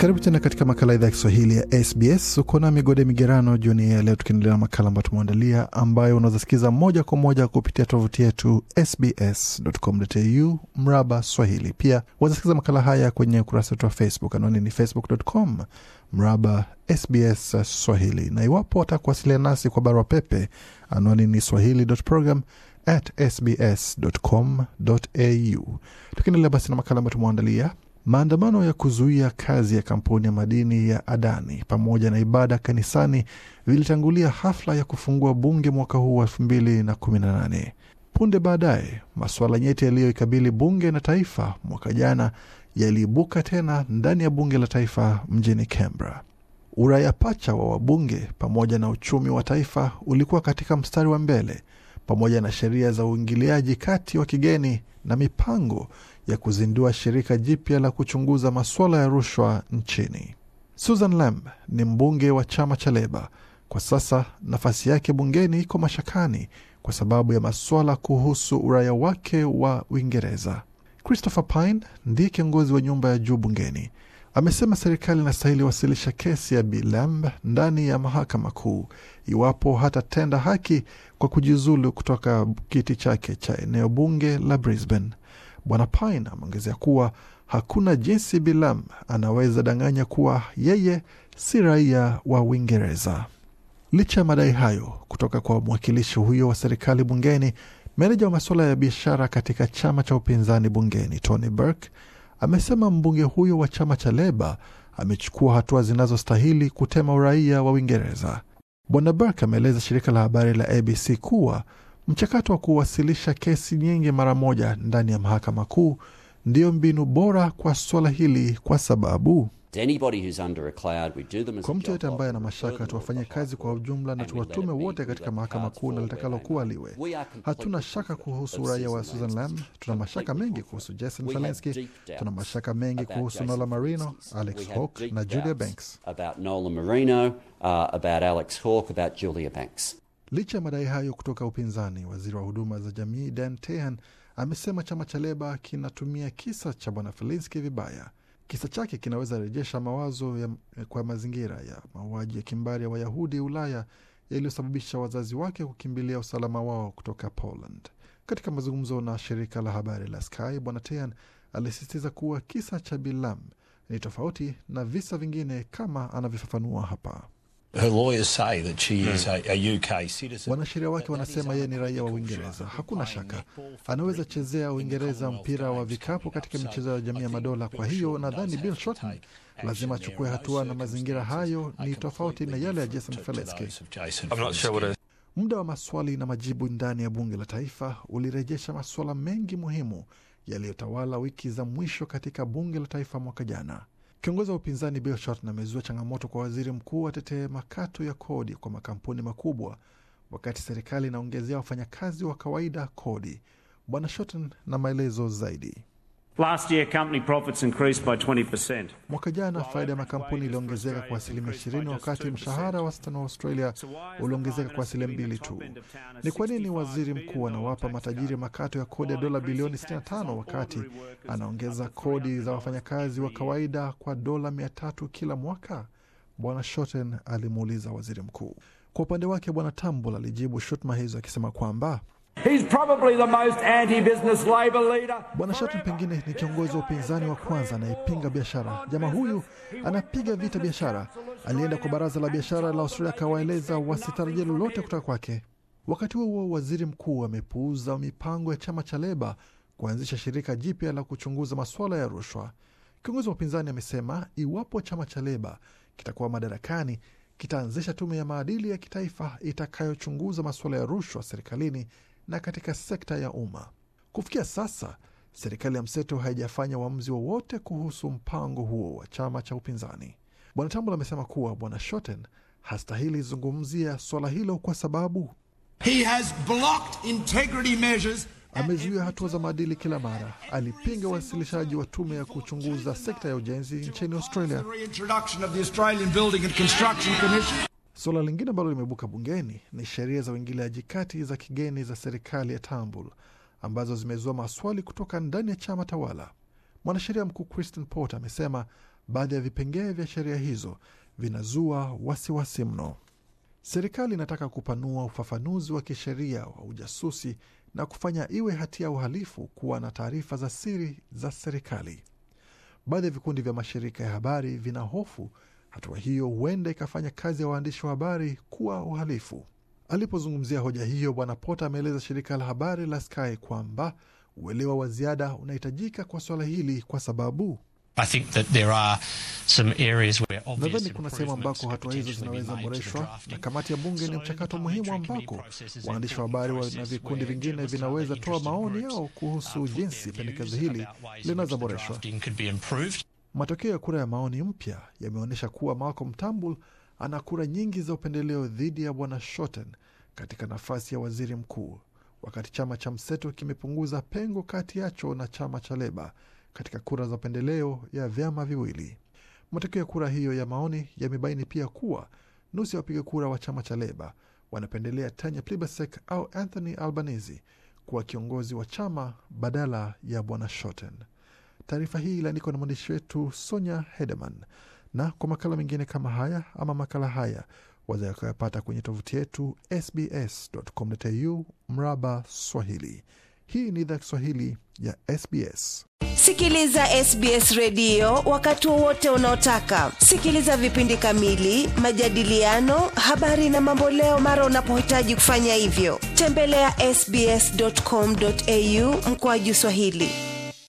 Karibu tena katika makala idhaa ya Kiswahili ya SBS. Uko na Migode Migerano jioni ya leo, tukiendelea na makala ambayo tumeandalia, ambayo unaweza sikiza moja kwa moja kupitia tovuti yetu sbs.com.au mraba swahili. Pia waweza sikiza makala haya kwenye ukurasa wetu wa Facebook, anwani ni facebook.com mraba SBS Swahili, na iwapo wataka kuwasiliana nasi kwa barua pepe, anwani ni swahili.program at sbs.com.au. Tukiendelea basi na makala ambayo tumeandalia Maandamano ya kuzuia kazi ya kampuni ya madini ya Adani pamoja na ibada kanisani vilitangulia hafla ya kufungua bunge mwaka huu wa 2018. Punde baadaye masuala nyeti yaliyoikabili bunge na taifa mwaka jana yaliibuka tena ndani ya bunge la taifa mjini Canberra. Uraia pacha wa wabunge pamoja na uchumi wa taifa ulikuwa katika mstari wa mbele pamoja na sheria za uingiliaji kati wa kigeni na mipango ya kuzindua shirika jipya la kuchunguza masuala ya rushwa nchini. Susan Lamb ni mbunge wa chama cha Leba. Kwa sasa nafasi yake bungeni iko mashakani kwa sababu ya masuala kuhusu uraia wake wa Uingereza. Christopher Pine ndiye kiongozi wa nyumba ya juu bungeni amesema serikali inastahili wasilisha kesi ya Bilamb ndani ya mahakama kuu iwapo hatatenda haki kwa kujiuzulu kutoka kiti chake cha eneo bunge la Brisbane. Bwana Pine ameongezea kuwa hakuna jinsi Bilam anaweza danganya kuwa yeye si raia wa Uingereza. Licha ya madai hayo kutoka kwa mwakilishi huyo wa serikali bungeni, meneja wa masuala ya biashara katika chama cha upinzani bungeni Tony Burke amesema mbunge huyo wa chama cha Leba amechukua hatua zinazostahili kutema uraia wa Uingereza. Bwana Burke ameeleza shirika la habari la ABC kuwa mchakato wa kuwasilisha kesi nyingi mara moja ndani ya mahakama kuu ndiyo mbinu bora kwa suala hili kwa sababu kwa mtu yeyote ambaye ana mashaka, tuwafanyie kazi kwa ujumla na tuwatume wote katika mahakama kuu na litakalokuwa liwe. Hatuna shaka kuhusu uraia wa Susan Lam. Tuna mashaka mengi kuhusu Jason Falinski. Tuna mashaka mengi kuhusu Nola Marino, Alex hawk na uh, Julia Banks. Licha ya madai hayo kutoka upinzani, waziri wa huduma za jamii Dan Tehan amesema chama cha Leba kinatumia kisa cha bwana felinski vibaya. Kisa chake kinaweza rejesha mawazo ya, eh, kwa mazingira ya mauaji ya kimbari ya Wayahudi Ulaya yaliyosababisha wazazi wake kukimbilia usalama wao kutoka Poland. Katika mazungumzo na shirika la habari la Sky, Bwana Tean alisisitiza kuwa kisa cha Bilam ni tofauti na visa vingine kama anavyofafanua hapa. Hmm. Wanasheria wake wanasema yeye ni raia wa Uingereza. Hakuna shaka anaweza chezea Uingereza mpira wa vikapu katika michezo ya jamii ya madola. Kwa hiyo nadhani Bill Shorten lazima achukue hatua, na mazingira hayo ni tofauti na yale ya Jason Feleski. Muda wa maswali na majibu ndani ya bunge la taifa ulirejesha masuala mengi muhimu yaliyotawala wiki za mwisho katika bunge la taifa mwaka jana. Kiongozi wa upinzani Bill Shorten amezua changamoto kwa waziri mkuu atetee makato ya kodi kwa makampuni makubwa wakati serikali inaongezea wafanyakazi wa kawaida kodi. Bwana Shorten na maelezo zaidi. Last year, company profits increased by 20%. Mwaka jana faida ya makampuni iliongezeka kwa asilimia 20 wakati mshahara wastani wa Australia uliongezeka kwa asilimia mbili tu. Ni kwa nini waziri mkuu anawapa matajiri makato ya kodi ya dola bilioni 65 wakati anaongeza kodi za wafanyakazi wa kawaida kwa dola 300 kila mwaka? Bwana Shorten alimuuliza waziri mkuu. Kwa upande wake, Bwana tambul alijibu shutuma hizo akisema kwamba Bwana Shelton pengine ni kiongozi wa upinzani wa kwanza anayepinga biashara. Jamaa huyu anapiga vita biashara. Alienda kwa baraza la biashara la Australia akawaeleza wasitarajia lolote kutoka kwake. Wakati huo huo, waziri mkuu amepuuza mipango ya chama cha Leba kuanzisha shirika jipya la kuchunguza masuala ya rushwa. Kiongozi wa upinzani amesema iwapo chama cha Leba kitakuwa madarakani kitaanzisha tume ya maadili ya kitaifa itakayochunguza masuala ya rushwa serikalini na katika sekta ya umma. Kufikia sasa, serikali ya mseto haijafanya uamuzi wowote kuhusu mpango huo wa chama cha upinzani. Bwana Tambul amesema kuwa Bwana Shoten hastahili zungumzia swala hilo kwa sababu amezuia hatua za maadili kila mara. Alipinga uwasilishaji wa tume ya kuchunguza sekta ya ujenzi nchini Australia. Suala lingine ambalo limebuka bungeni ni sheria za uingiliaji kati za kigeni za serikali ya Tambul ambazo zimezua maswali kutoka ndani ya chama tawala. Mwanasheria mkuu Christian Porter amesema baadhi ya vipengee vya sheria hizo vinazua wasiwasi wasi mno. Serikali inataka kupanua ufafanuzi wa kisheria wa ujasusi na kufanya iwe hatia ya uhalifu kuwa na taarifa za siri za serikali. Baadhi ya vikundi vya mashirika ya habari vina hofu Hatua hiyo huenda ikafanya kazi ya waandishi wa habari kuwa uhalifu. Alipozungumzia hoja hiyo, Bwana Pota ameeleza shirika la habari la Sky kwamba uelewa wa ziada unahitajika kwa swala hili kwa sababu nadhani kuna sehemu ambako hatua hizo zinaweza boreshwa, na kamati ya bunge ni mchakato muhimu ambako waandishi wa habari na vikundi vingine vinaweza toa maoni yao kuhusu uh, jinsi pendekezo hili linaweza boreshwa. Matokeo ya kura ya maoni mpya yameonyesha kuwa Malcolm Turnbull ana kura nyingi za upendeleo dhidi ya bwana Shorten katika nafasi ya waziri mkuu, wakati chama cha mseto kimepunguza pengo kati yacho na chama cha Leba katika kura za upendeleo ya vyama viwili. Matokeo ya kura hiyo ya maoni yamebaini pia kuwa nusu ya wapiga kura wa chama cha Leba wanapendelea Tanya Plibersek au Anthony Albanese kuwa kiongozi wa chama badala ya bwana Shorten. Taarifa hii iliandikwa na mwandishi wetu Sonya Hedeman, na kwa makala mengine kama haya ama makala haya waza kuyapata kwenye tovuti yetu sbs.com.au mraba Swahili. Hii ni idhaa Kiswahili ya SBS. Sikiliza SBS redio wakati wowote unaotaka. Sikiliza vipindi kamili, majadiliano, habari na mamboleo mara unapohitaji kufanya hivyo. Tembelea ya sbs.com.au mkoaji Swahili.